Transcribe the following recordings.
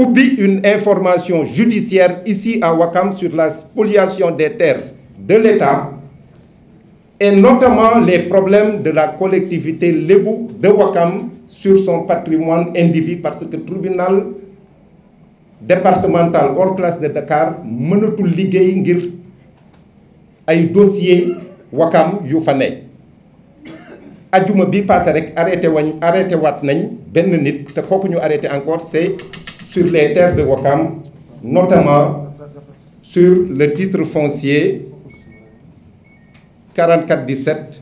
oublie une information judiciaire ici à Wakam sur la spoliation des terres de l'État et notamment les problèmes de la collectivité Lébou de Wakam sur son patrimoine individu parce que le tribunal départemental hors classe de Dakar peut liggéey ngir ay dossier Wakam yu fa né ajuma bi passé rek arrêté wagn arrêté wat nañ ben nit te nous ñu encore c'est sur les terres de Wakam, notamment sur le titre foncier 4417 17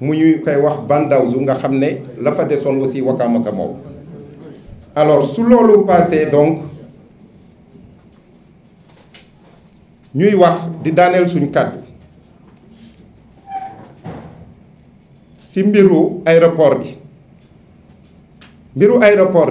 ñuy koy wax Bandawsu nga la fa aussi Wakam alors sous l'eau passé donc ñuy wax di Daniel C'est kàddu bureau aéroport bi aéroport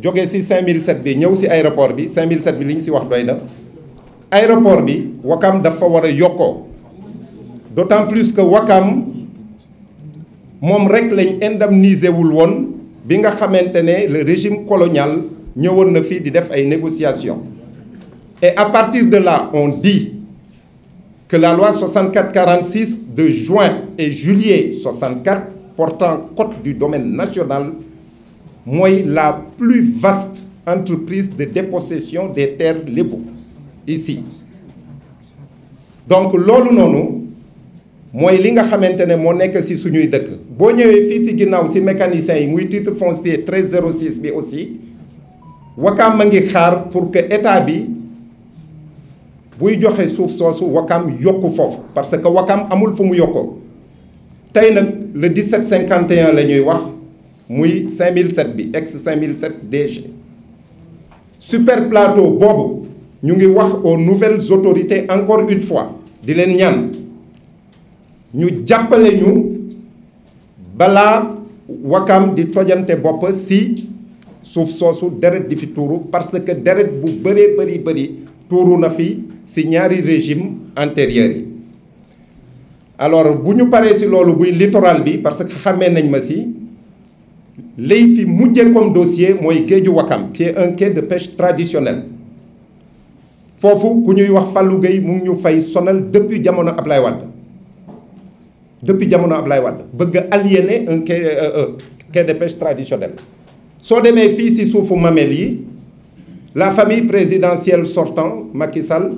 jóge ci 5007 bi ñew ci aéroport bi 5007 bi liñ ci wax doyna aéroport bi Wakam dafa wara a d'autant plus que Wakam mom rek lañ indemniser wul won bi nga xamantene le régime colonial ñewon na fi di def ay négociations et à partir de là on dit que la loi 6446 de juin et juillet 64 portant code du domaine national moi la plus vaste entreprise de dépossession des terres lébou ici donc loolu noonu moi li nga xamante ne moo ci suñuy dëkk Bo ñëwee fi ci ginnaw ci mécanicien yi muy titre foncier 1306 bi aussi Wakam a ngi xaar pour que état bi buy joxe souf soosu Wakam yokku foofu parce que Wakam amul fu mu yokkoo tey le 1751 la ñuy wax muy 5007 bi ex 5007 DG super plateau nous ñu ngi wax aux nouvelles autorités encore une fois di leen ñaan ñu wakam di tojante si sauf deret di fi touru parce que deret bu beure beuri beuri touru na fi régime antérieur. alors buñu littoral parce que nañ lay fi mujjee comme dossier mooy géeju Wakam qui est un quai de pêche traditionnel foofu ku ñuy wax Fallou gay mu ñu fay sonal depuis jamono Ablaye Wade depuis jamono Ablaye Wade bëgg a un quai euh, euh, euh, quai de pêche traditionnel. soo demee fii si suufu mamel yi la famille présidentielle sortant Macky Sall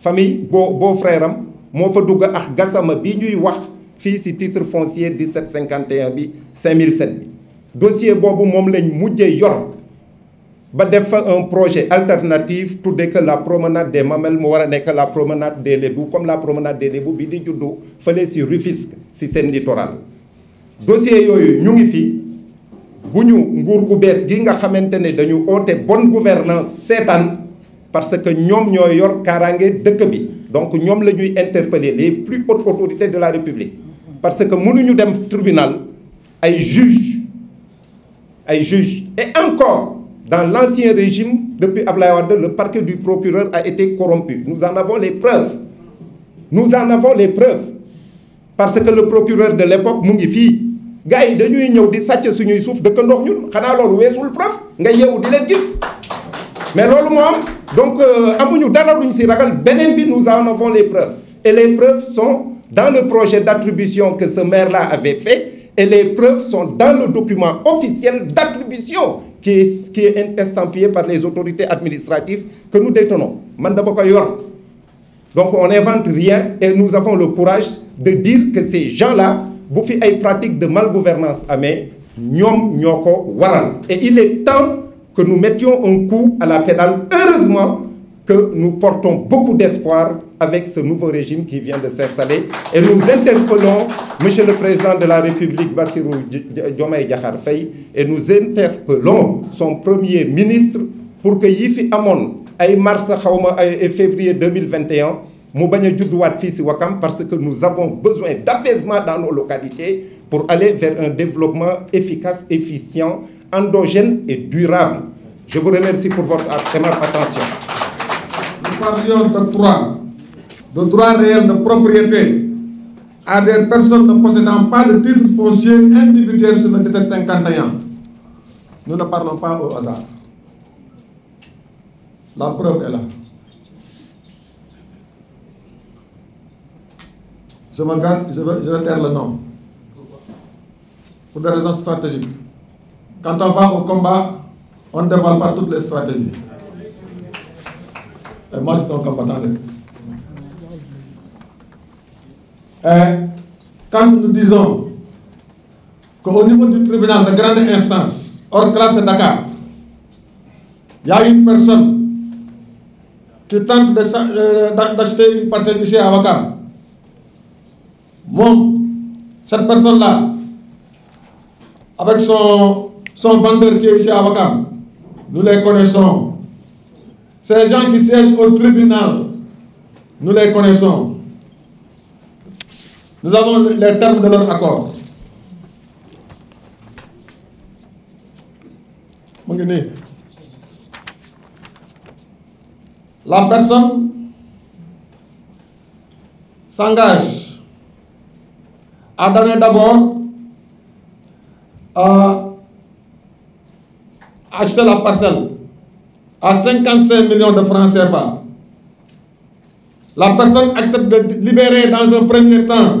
famille beau boo frère am moo fa dugg ak gasama bi ñuy wax fii si titre foncier 1751 bi 5007 bi dossier est mom lañ yor un projet alternatif pour que la promenade des Mamel mo wara la promenade des Lebou, comme la promenade des Lebou, bi di juddou Rufisque si littoral dossier yoyu ñu ngi fi nous, nguur gu gi nga dañu bonne gouvernance parce que nous ñoy yor kaaraange dëkk bi donc ñom nous, les plus hautes autorités de la République parce que ñu dem tribunal ay juge ay juge Et encore, dans l'ancien régime, depuis Ablaïwade, le parquet du procureur a été corrompu. Nous en avons les preuves. Nous en avons les preuves. Parce que le procureur de l'époque, Mungifi, gars, ils sont venus de suñuy suuf dëkkandox ñun xanaa loolu weesul preuve nga yeewu di leen gis mais loolu moo am donc euh, amuñu dara luñ si ragal beneen bi nous en avons les preuves et les preuves sont dans le projet d'attribution que ce maire là avait fait et les preuves sont dans le document officiel d'attribution qui est, qui est estampillé par les autorités administratives que nous détenons. Donc on n'invente rien et nous avons le courage de dire que ces gens-là, Boufi a une pratique de malgouvernance à nyom Et il est temps que nous mettions un coup à la pédale. Heureusement, que nous portons beaucoup d'espoir avec ce nouveau régime qui vient de s'installer. Et nous interpellons M. le Président de la République, Bassirou Diomaye Diakhar et nous interpellons son Premier ministre pour que Yifi Amon ay mars et février 2021 parce que nous avons besoin d'apaisement dans nos localités pour aller vers un développement efficace, efficient, endogène et durable. Je vous remercie pour votre attention de droits, de droits réels de propriété à des personnes ne possédant pas de titre foncier individuel sur le 1751. Nous ne parlons pas au hasard. La preuve est là. Je me garde, je vais, je taire le nom. Pour des raisons stratégiques. Quand on va au combat, on ne dévoile pas toutes les stratégies. Et euh, moi, je suis un combattant de euh, quand nous disons qu'au niveau du tribunal de grande instance, hors classe de Dakar, il y a une personne qui tente euh, d'acheter une parcelle ici à Bon, cette personne-là, avec son, vendeur qui est ici à nous les connaissons ces gens qui siègent au tribunal, nous les connaissons. Nous avons les termes de leur accord. La personne s'engage à donner d'abord à euh, acheter la parcelle à 55 millions de francs CFA. La personne accepte de libérer dans un premier temps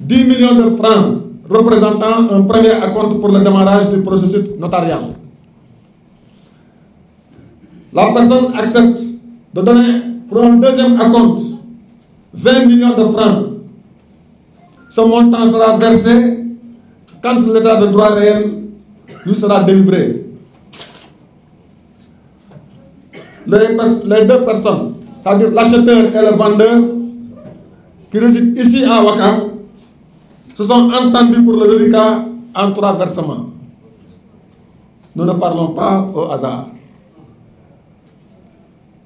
10 millions de francs représentant un premier acompte pour le démarrage du processus notarial. La personne accepte de donner pour un deuxième acompte 20 millions de francs. Ce montant sera versé quand l'état de droit réel lui sera délivré. les, deux personnes, c'est-à-dire l'acheteur et le vendeur, qui résident ici à Wakam, se sont entendus pour le délicat en trois versements. Nous ne parlons pas au hasard.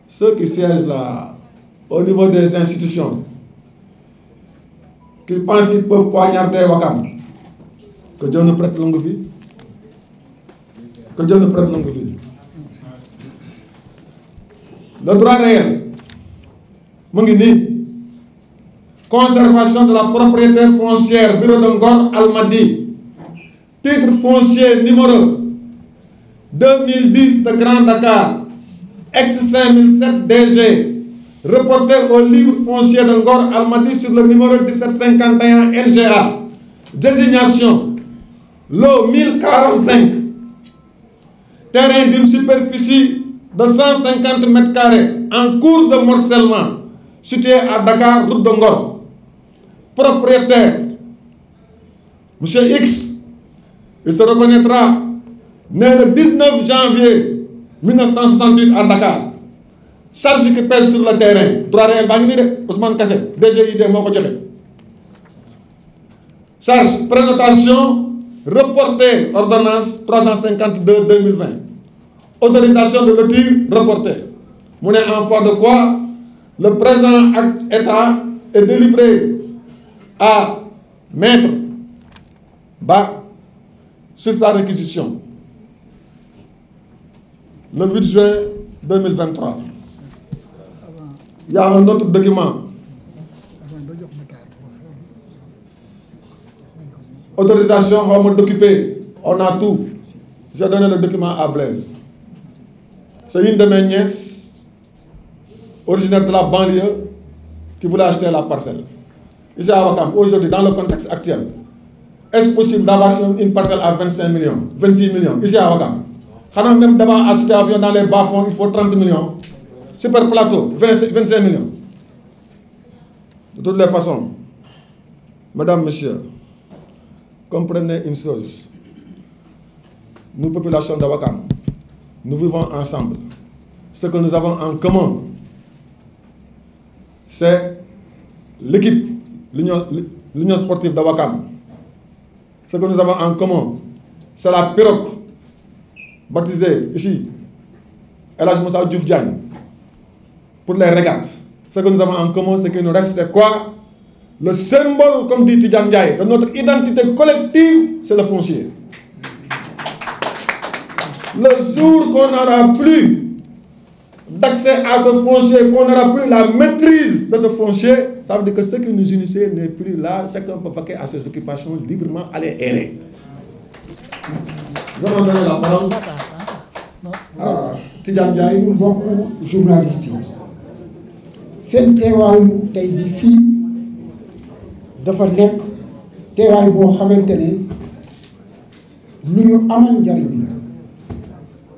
Ceux qui siègent là, au niveau des institutions, qui pensent qu'ils peuvent poignarder Wakam, que Dieu nous prête longue vie. Que Dieu nous prête longue vie le droit réel Mungini conservation de la propriété foncière bureau de Ngor Almadi titre foncier numéro 2010 de Grand Dakar ex 5007 DG reporté au livre foncier de Ngor Almadi sur le numéro 1751 NGA désignation lot 1045 terrain d'une superficie de 150 mètres carrés en cours de morcellement situé à Dakar, route de Propriétaire, M. X, il se reconnaîtra, né le 19 janvier 1968 à Dakar. Charge qui pèse sur le terrain, droit réel Ousmane Kassé, DGID, Moko Charge, prénotation, reportée, ordonnance 352-2020 autorisation de lecture reportée Mon en foi de quoi le présent acte état est délivré à maître bas sur sa réquisition le 8 juin 2023 il y a un autre document autorisation va m'occuper on a tout j'ai donné le document à Blaise c'est une de mes nièces, originaire de la banlieue, qui voulait acheter la parcelle. Ici à Wakam, aujourd'hui, dans le contexte actuel, est-ce possible d'avoir une, parcelle à 25 millions, 26 millions, ici à Wakam Quand même d'avoir acheté avion dans les bas-fonds, il faut 30 millions. Super plateau, 25 millions. De toutes les façons, Madame, Monsieur, comprenez une chose. Nous, population d'Awakam, nous vivons ensemble, ce que nous avons en commun, c'est l'équipe, l'Union sportive d'Awakam. Ce que nous avons en commun, c'est la perroque baptisée ici, Elage Moussa pour les régates. Ce que nous avons en commun, c'est que nous reste, c'est quoi Le symbole, comme dit Tidjan de notre identité collective, c'est le foncier. Le jour qu'on n'aura plus d'accès à ce foncier, qu'on n'aura plus la maîtrise de ce foncier, ça veut dire que ce qui nous unissait n'est plus là. Chacun peut paquer à ses occupations librement, aller errer. Je vais donner la parole. Ah, Tidjane Ndiaye ñu bokk journaliste yi seen teewaayu tey bi fii dafa nekk teewaay boo xamante ne nous ñu amal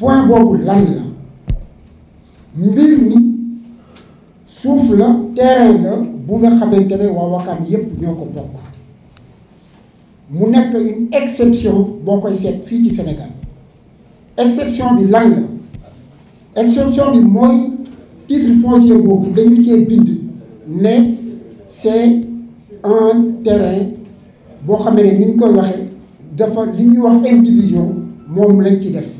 point bobu lan la mbir ni suuf la terrain la bu nga xamante ne waa Wakam yépp ñoo ko bokk mu nekk une exception boo koy seet fii ci Sénégal exception bi lan la exception bi mooy titre foncier boobu dañu cee bind ne c'est un terrain boo xam ne ni ñu koy waxee dafa li ñuy wax indivision moom lañ ci def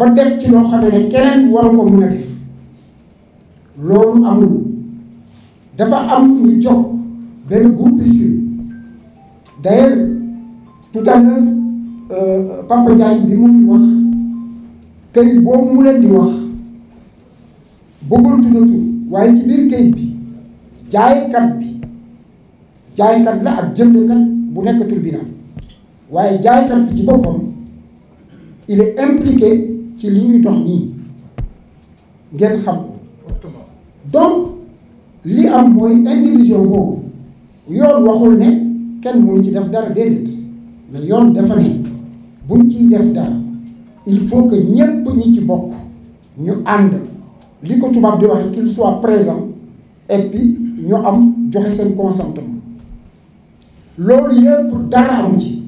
ba def ci loo xam ne keneen waru ko mën a def loolu amul dafa am ñu jox benn groupuscule d'ailleurs tout à l'heure euh, Papa Diagne bi mu wax këyit boobu mu leen di wax bëggul tudd waaye ci biir këyit bi jaaykat bi jaaykat la ak jëndkat bu nekk tribunal waaye jaaykat bi ci boppam il est ci li ñuy dox nii ngeen xam ko donc li am mooy indivision boobu yoon waxul ne kenn ngi ci def dara déedéet mais yoon dafa ne buñ ciy def dara il faut que ñépp ñi ci bokk ñu ànd li ko tubaab di wax qu'il soit présent et puis ñu am joxe seen consentement loolu yëpp dara am ci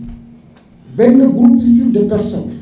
benn groupuscule de personnes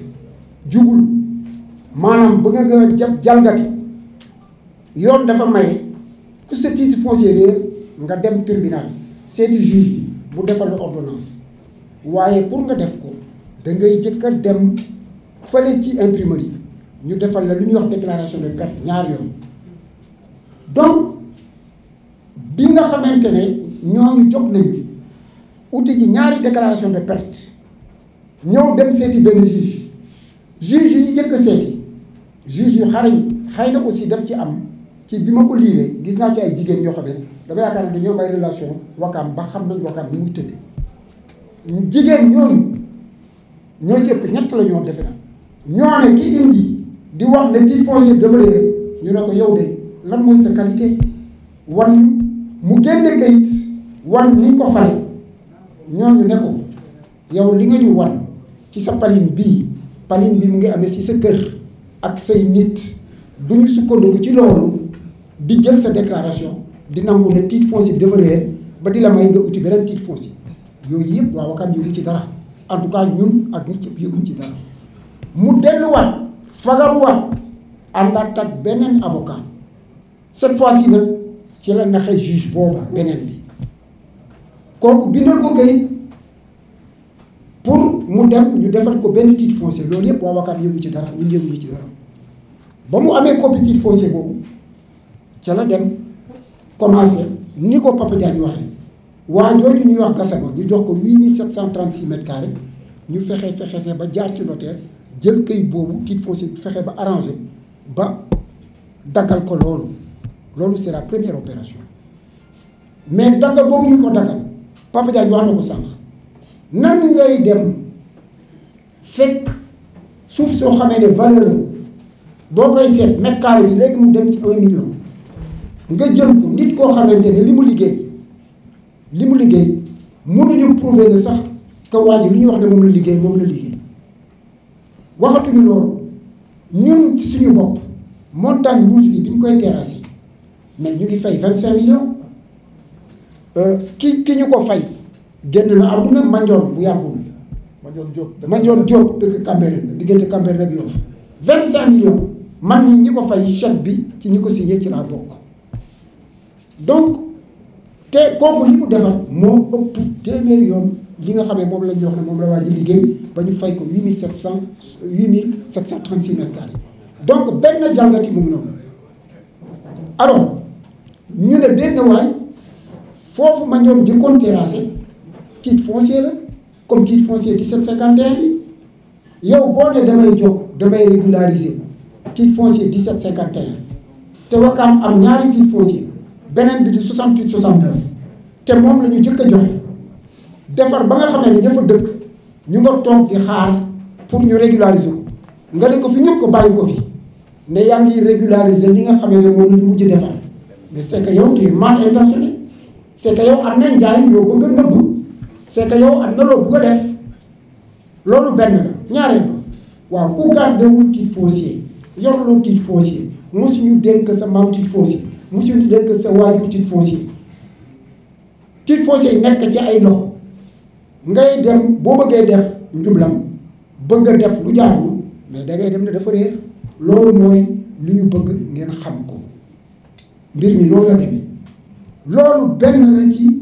jubul manam ba nga gën jalgati yoon dafa may ku sa titre nga dem tribunal c'est juge bu defal la ordonnance waaye pour nga def ko da ngay jëkk dem fële ci imprimerie ñu defal la lu ñuy wax déclaration de perte ñaar yoon donc bi nga xamantene ne ñooñu jot nañu uti ji ñaari déclaration de perte ñew dem seeti bénéfice juge yu ñu njëkk a seeti juge yu xarañ xëy na aussi def ci am ci bi ma ko liiree gis naa ci ay jigéen ñoo xam ne dama yaakaar ne dañoo may relation wakkaam ba xam nañ wakkaam ni muy tëddee jigéen ñooñu ñoo ci ëpp ñett la ñoo defe na ñoo ne ki indi di wax ne kii foncier dafa réer ñu ne ko yow de lan mooy sa qualité wan mu génne kayit wan ni ko fale ñooñu ne ko yow li nga ñu wan ci sa palin bii paline bi mu ngi amee si sa kër ak say nit du ñu sukkandiku ci loolu di jël sa déclaration di nangu ne titre foncier bi dafa réer ba di la may nga uti beneen titre foncier yooyu yëpp waa Wakaam ci dara en tout ñun ak nit yëpp yëguñ ci dara mu delluwaat fagaruwaat àndaat ak beneen avocat cette fois-ci nag ci la naxee juge booba beneen bi kooku bindal ko kayit mu dem ñu defal ko titre foncier loolu yëpp waa ci dara ñu ci dara ba mu foncier la dem commencé ni Papa waxee waa avons wax jox ko 8736 mètres carrés ñu fexe fexe ba jaar ci notaire jël c'est la première opération mais nous boobu ñu ko daggal Papa wax fekk suuf soo xamee ne valeur la boo koy seet mètre bi léegi mu dem ci un million nga jël ko nit koo xamante ne li mu liggéey li mu liggéey mënuñu prouver ne sax que waa ji li ñu wax ne moom la liggéey moom la liggéey waxatuñu loolu ñun ci suñu bopp montagne rouge bi bi ñu koy terrasser mais ñu ngi fay 25 cinq millions euh, ki ki ñu ko fay génn na àdduna manjoon bu yàggul Mandione Diop Mandione Diop dëkk Cambérène la diggante Cambérène ak Yoff vingt cinq millions man ni ñi ko fay chèque bi ci ñi ko signé ci laa bokk donc té kooku li mu defar moo ëpp téeméer yoon li nga xamé mom lañ ñu wax ne moom la waji ji liggéey ba fay ko 8700 8736 sept cent mètres carrés donc benn jangati mu ngi noonu alors ñu ne benn waay fofu ma ñom jëkkoon terrassé titre foncier la comme titre foncier 1751 bi yow boo ne damay jox damay régulariser titre foncier 1751 te wakam am ñaari titre foncier beneen bi di 68 69 te moom la ñu jëkk a joxe defar ba nga xam ne ña fa dëkk ñu nga toog di xaar pour ñu régulariser ko nga ne ko fi ñëpp ko bàyyi ko fi ne yaa ngi régulariser li nga xam ne moom la ñu mujj defar mais c'est que yow tu es mal intentionné c'est que yow am na njaay yow bëgg a nëbb c'est que yow am na loo bëgg def loolu benn la ñaareel ba waaw ku gardewul titre foncier yoruloo titre foncier mosuñu dénk sa maam titre foncier mosuñu dénk sa waajur titre foncier titre foncier nekk ci ay loxo ngay dem boo bëggee def njublam bëgg def lu jaarul mais da dem na dafa réer loolu mooy li ñu bëgg ngeen xam ko mbir mi loolu la demee loolu benn la ci.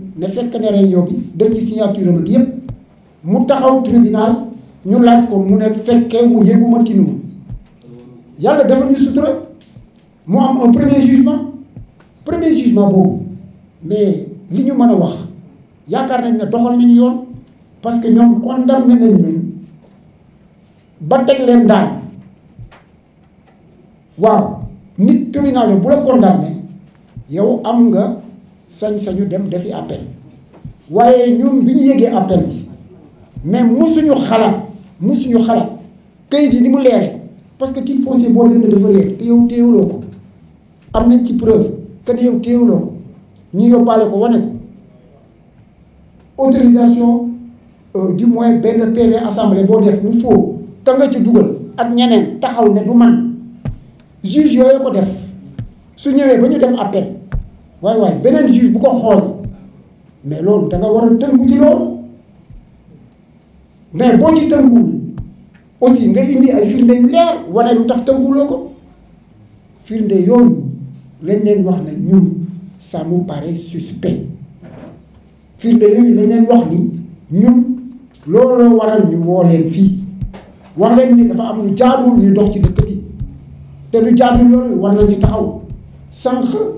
ne fekk ne réunion bi def ci signature am ak mu taxaw tribunal ñu laaj ko mu ne fekkee mu yëguma tinuma yàlla defal ñu sutura mu am un premier jugement premier jugement boobu mais li ñu mën a wax yaakaar nañ ne doxal nañ yoon parce que ñoom condamné nañ leen ba teg leen daan waaw nit tribunal bu la condamné yow am nga sañ-sañu dem defi appel waaye ñun bi ñu yëgee appel bi mais musuñu xalaat musuñu xalaat kayit yi ni mu leere parce que titre foncier boo leen ne dafa te yow téewuloo ko am nañ ci preuve que ne yow téewuloo ko ñu yóbbaale ko wane ko autorisation euh, du moins benn PV assemblée boo def mu foo te nga ci dugal ak ñeneen taxaw ne du man juge yooyu ko def su ñëwee ba ñu dem appel waay waay beneen juge bu ko xool mais loolu da nga war a ci loolu mais boo ci de aussi nga indi ay firnde yu leer wane tax de ko firnde yooyu lañ wax ça me paraît suspect firnde yooyu lañ leen wax ni ñun looloo waral ñu woo leen wax leen ni dafa am lu ñu dox ci dëkk bi te lu loolu war taxaw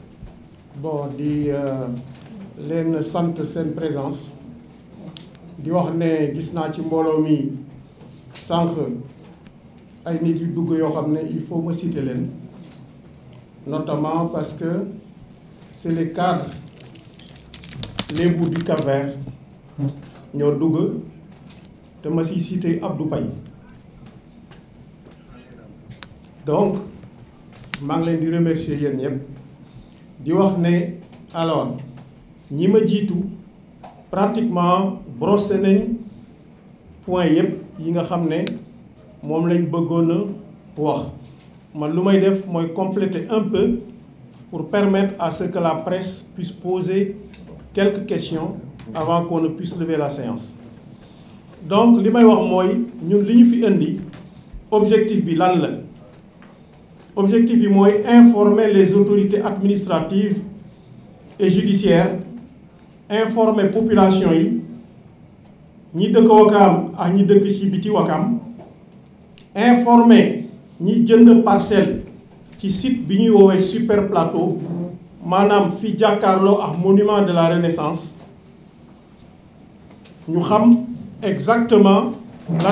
bon di euh, len sante sen présence di wax né gis na ci mbolo mi sànq ay nit yu dugg yoo il faut ma citer len notamment parce que c'est les cadres bouts du Cap-Vert ñoo dugg te ma ci citer Abdou pay donc mang ngi leen di remercier yéen ñëpp di wax ne alors ñi ma pratiquement brossé nañ point yëpp yi nga xam ne moom lañ bëggoon a wax man lu may def compléter un peu pour permettre à ce que la presse puisse poser quelques questions avant qu'on ne puisse lever la séance donc li may wax mooy ñun li ñu fi indi objectif bi lan la objectif est d'informer informer les autorités administratives et judiciaires informer population yi de de ni ak ñi informer les de parcelles site super plateau madame fi monument de la renaissance Nous savons exactement ce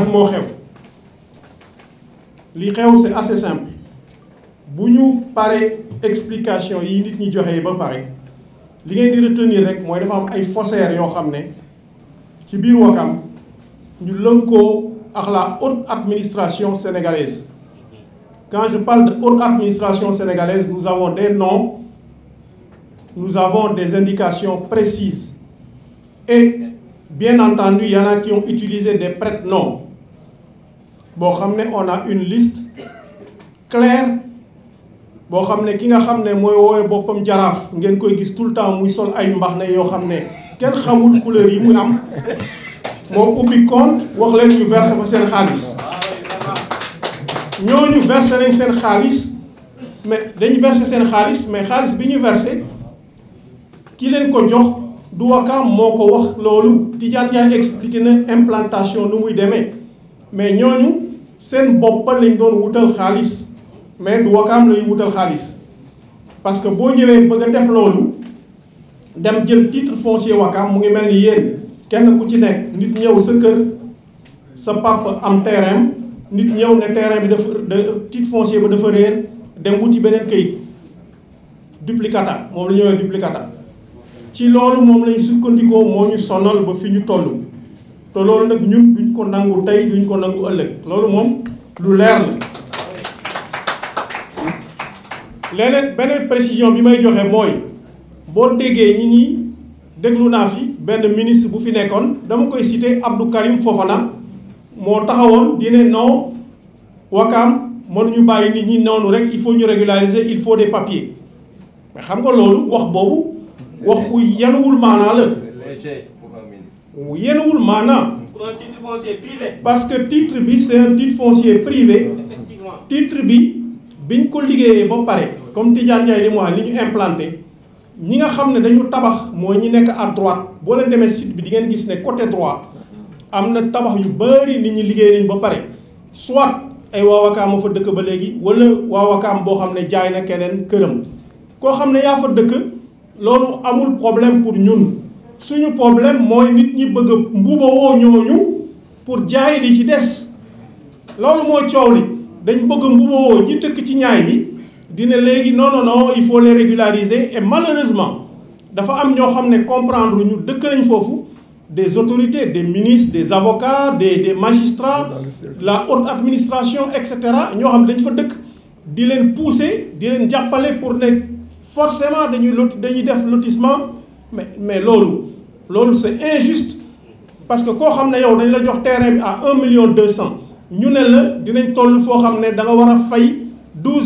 que nous c'est assez simple si nous explication yi nit ñi joxe ba parler. la haute administration sénégalaise quand je parle de haute administration sénégalaise nous avons des noms nous avons des indications précises et bien entendu il y en a qui ont utilisé des prêts noms Bon, on a une liste claire boo xam ne ki nga xam ne mooy woowee boppam jaraaf ngeen koy gis tout le temps muy sol ay mbax ne yoo xam ne kenn xamul couleur yi muy am moo ubbi compte wax leen ñu verser fa seen xaalis ñooñu verser nañ seen xaalis mais dañu verser seen xaalis mais xaalis bi ñu verser ki leen ko jox du Wakaam moo ko wax loolu Tidiane Ndiaye expliqué na implantation nu muy demee mais ñooñu seen boppal lañ doon wutal xaalis mais du wakaam lañu wutal xaalis parce que boo ñëwee bëgg a def loolu dem jël titre foncier wakaam mu ngi mel ni yéen kenn ku ci nekk nit ñëw sa kër sa papa am terrain nit ñëw ne terrain bi dafa da titre foncier ba dafa réer dem wuti beneen këyit duplicata moom la ñuy duplicata ci loolu moom lañ sukkandikoo moo ñu sonal ba fi ñu toll te loolu nag ñun duñ ko nangu tey duñ ko nangu ëllëg loolu moom lu leer la leneen beneen précision bi may joxe moy bo dégué ñi ñi déglu na fi ben ministre bu fi nekkoon dama koy citer Abdou Karim Fofana mo taxawoon di ne non Wakam, mënuñu bàyyi nit ñi nonu rek il faut ñu régulariser il faut des papiers mais xam nga lolu wax bobu wax bu yenuwul maanaa la yenuwul mana. parce que titre bi c'est un titre foncier privé titre bi biñ ko liggéeyee ba pare comme Tidiane Ndiaye li mu wax li ñu implanté ñi nga xam ne dañu tabax mooy ñi nekk à droite boo leen demee site bi di ngeen gis ne côté droit am na tabax yu bari nit ñi liggéey nañ ba pare soit ay waawakaam a fa dëkk ba léegi wala waawakaam boo xam ne jaay na keneen këram koo xam ne yaa fa dëkk loolu amul problème pour ñun suñu problème mooy nit ñi bëgg a mbuba woo ñooñu pour jaay li ci des loolu mooy coow li dañ bëgg mbubboo ñi dëkk ci ñaay bi dina léegi non non non il faut les régulariser et malheureusement dafa am ñoo xam ne comprendre ñu dëkk nañ foofu des autorités des ministres des avocats des des magistrats la haute administration et cetera ñoo xam ne dañ fa dëkk di leen pousser di leen jàppale pour ne forcément dañuy lot dañuy def lotissement mais mais loolu loolu c'est injuste parce que koo xam ne yow dañ la jox terrain bi à un million deux nous, ne la dinañ toll da nga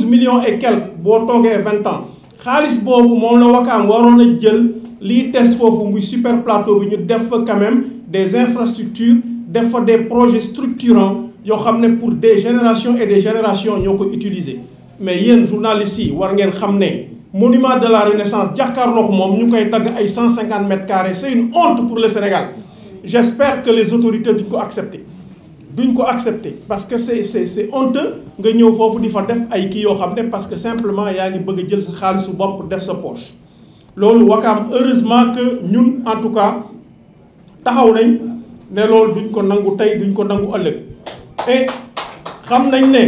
millions et quelques 20 20 ans Khalis boobu moom la Wakam, waroon Djel, des super plateau bi ñu quand même des infrastructures des projets structurants pour des générations et des générations nous avons utilisé. mais y journalistes un war ngeen xam le monument de la renaissance jàkkaarloo moom ñu koy ay mètres carrés c'est une honte pour le Sénégal j'espère que les autorités vont coup accepter duñ ko accepter parce que c'est c'est c'est honteux nga ñëw foofu di fa def ay kii yoo xam ne parce que simplement yaa ngi bëgg a jël sa xaalisu bopp def sa poche loolu wakaam heureusement que ñun en tout cas taxaw nañ ne loolu duñ ko nangu tey duñ ko nangu ëllëg et xam nañ ne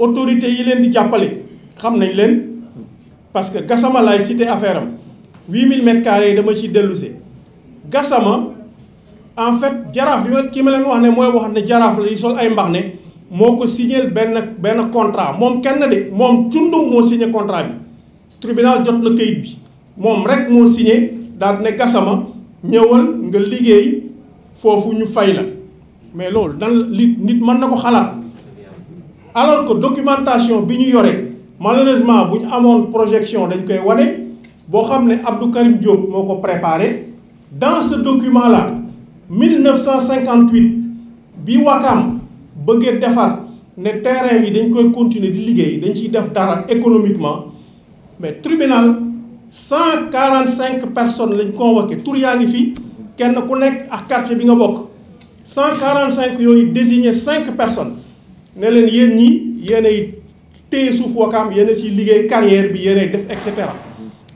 autorité yi leen di jàppale xam nañ leen parce que gasama laay cité affaire am 8000 mètres carrés dama ci dellusé gasama en fait Jaraf bi ki ma leen wax ne mooy wax ne jaraaf la sol ay mbaxne moko moo ben ben contrat mom kenn de mom cundum mo signer contrat bi tribunal jot la kayit bi mom rek mo signer dal ne gasama ñewal nga liggéey fofu ñu fay la mais loolu dan nit man na xalat alors que documentation bi ñu yore malheureusement buñ amone projection dañ koy wane bo xamné Abdou Karim Diop moko préparer dans ce document là 1958 bi Wakam beugé défar ne terrain bi dañ koy continuer di liggéey dañ def dara économiquement mais tribunal 145 personnes lañ convoqué tour yaa fi kenn ku nek ak quartier bi nga bok 145 ont désigné 5 personnes ne ont été ñi yéenay téye souf Wakam yéen a liggéey carrière bi def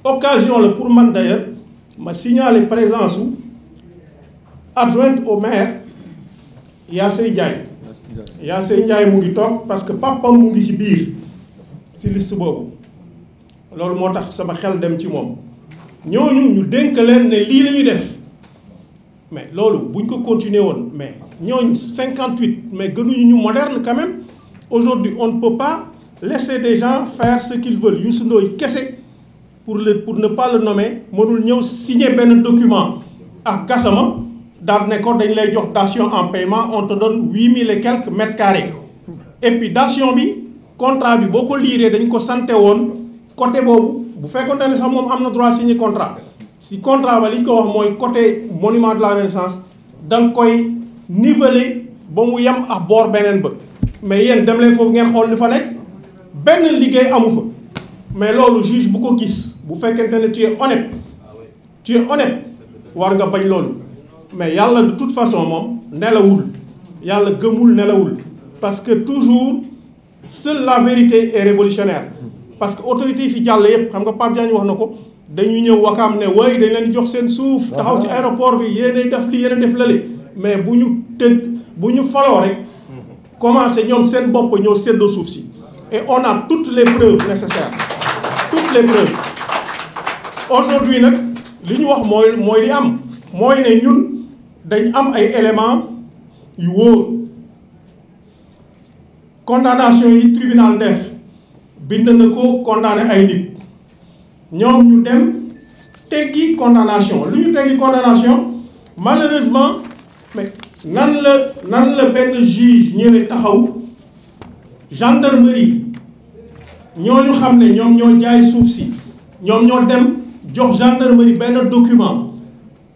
occasion le pour man d'ailleurs signale signaler présence adjointe au maire Yassé Ndiaye Yassé Ndiaye est ngi parce que papa mu ngi ci biir ci liste boobu loolu moo tax sama xel dem ci moom ñooñu ñu nous leen ne lii la ñuy def mais loolu buñ ko continuer woon mais ñooñu 58 mais nous ñu modernes quand même aujourd'hui on ne peut pas laisser des gens faire ce qu'ils veulent Youssou Ndoye kese pour le pour ne pas le nommer mënul ñëw signer un document à Gassama daal ne ko dañ lay jox dation en paiement on te donne huit mille et quelques mètres carrés et puis dation bi contrat bi boo lire, liiree dañ ko sante woon côté boobu bu fekkonte ne sax moom am droit signer contrat si contrat ba li ko wax mooy côté monument de la renaissance donc nga koy niveler ba mu yem ak boor beneen ba mais yéen dem leen fofu ngeen xol li fa nekk benn liggéey amu fa mais lolu juge bu ko gis bu fekkente ne tu es honnête tu es honnête war nga bañ lolu mais yàlla de toute façon moom nelawul yàlla gëmul nelawul parce que toujours seule la vérité est révolutionnaire parce que autorité fi jàll yëpp xam nga pap Diagne wax na ko dañu ñëw wakaam ne waaye dañ leen jox seen suuf taxaw ci aéroport bi yéenay def li yéenay def lële mais bu ñu tëgg bu ñu faloo rek commencé ñoom seen bopp ñoo séddoo suuf si et on a toutes les preuves nécessaires toutes les preuves aujourd'hui nag li ñu wax mooy mooy li am mooy ne ñun dañ am ay éléments yu wóor condamnation yi tribunal def bind na ko condamné ay nit ñoom ñu dem teggi condamnation lu ñu teggi condamnation malheureusement mais nan la nan la benn juge ñëwee taxaw gendarmerie ñooñu xam ne ñoom ñoo jaay suuf si ñoom ñoo dem jox gendarmerie benn document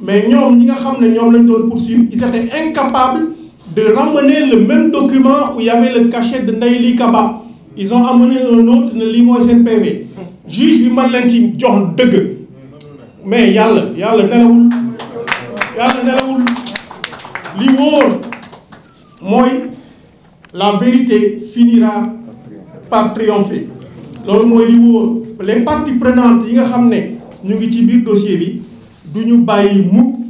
mais ñom ñi nga xamné ñom lañ doon poursuivre ils étaient incapables de ramener le même document où il y avait le cachet de Naïli Kaba ils ont amené un autre ne limo mooy seen PV juge bi man y ci jox deug. mais Yalla, Yalla nelawul Yalla nelawul li wóor moy la vérité finira par triompher loolu moy li les parties prenantes yi nga xamné le ñu ngi ci biir dossier bi du ñu mukk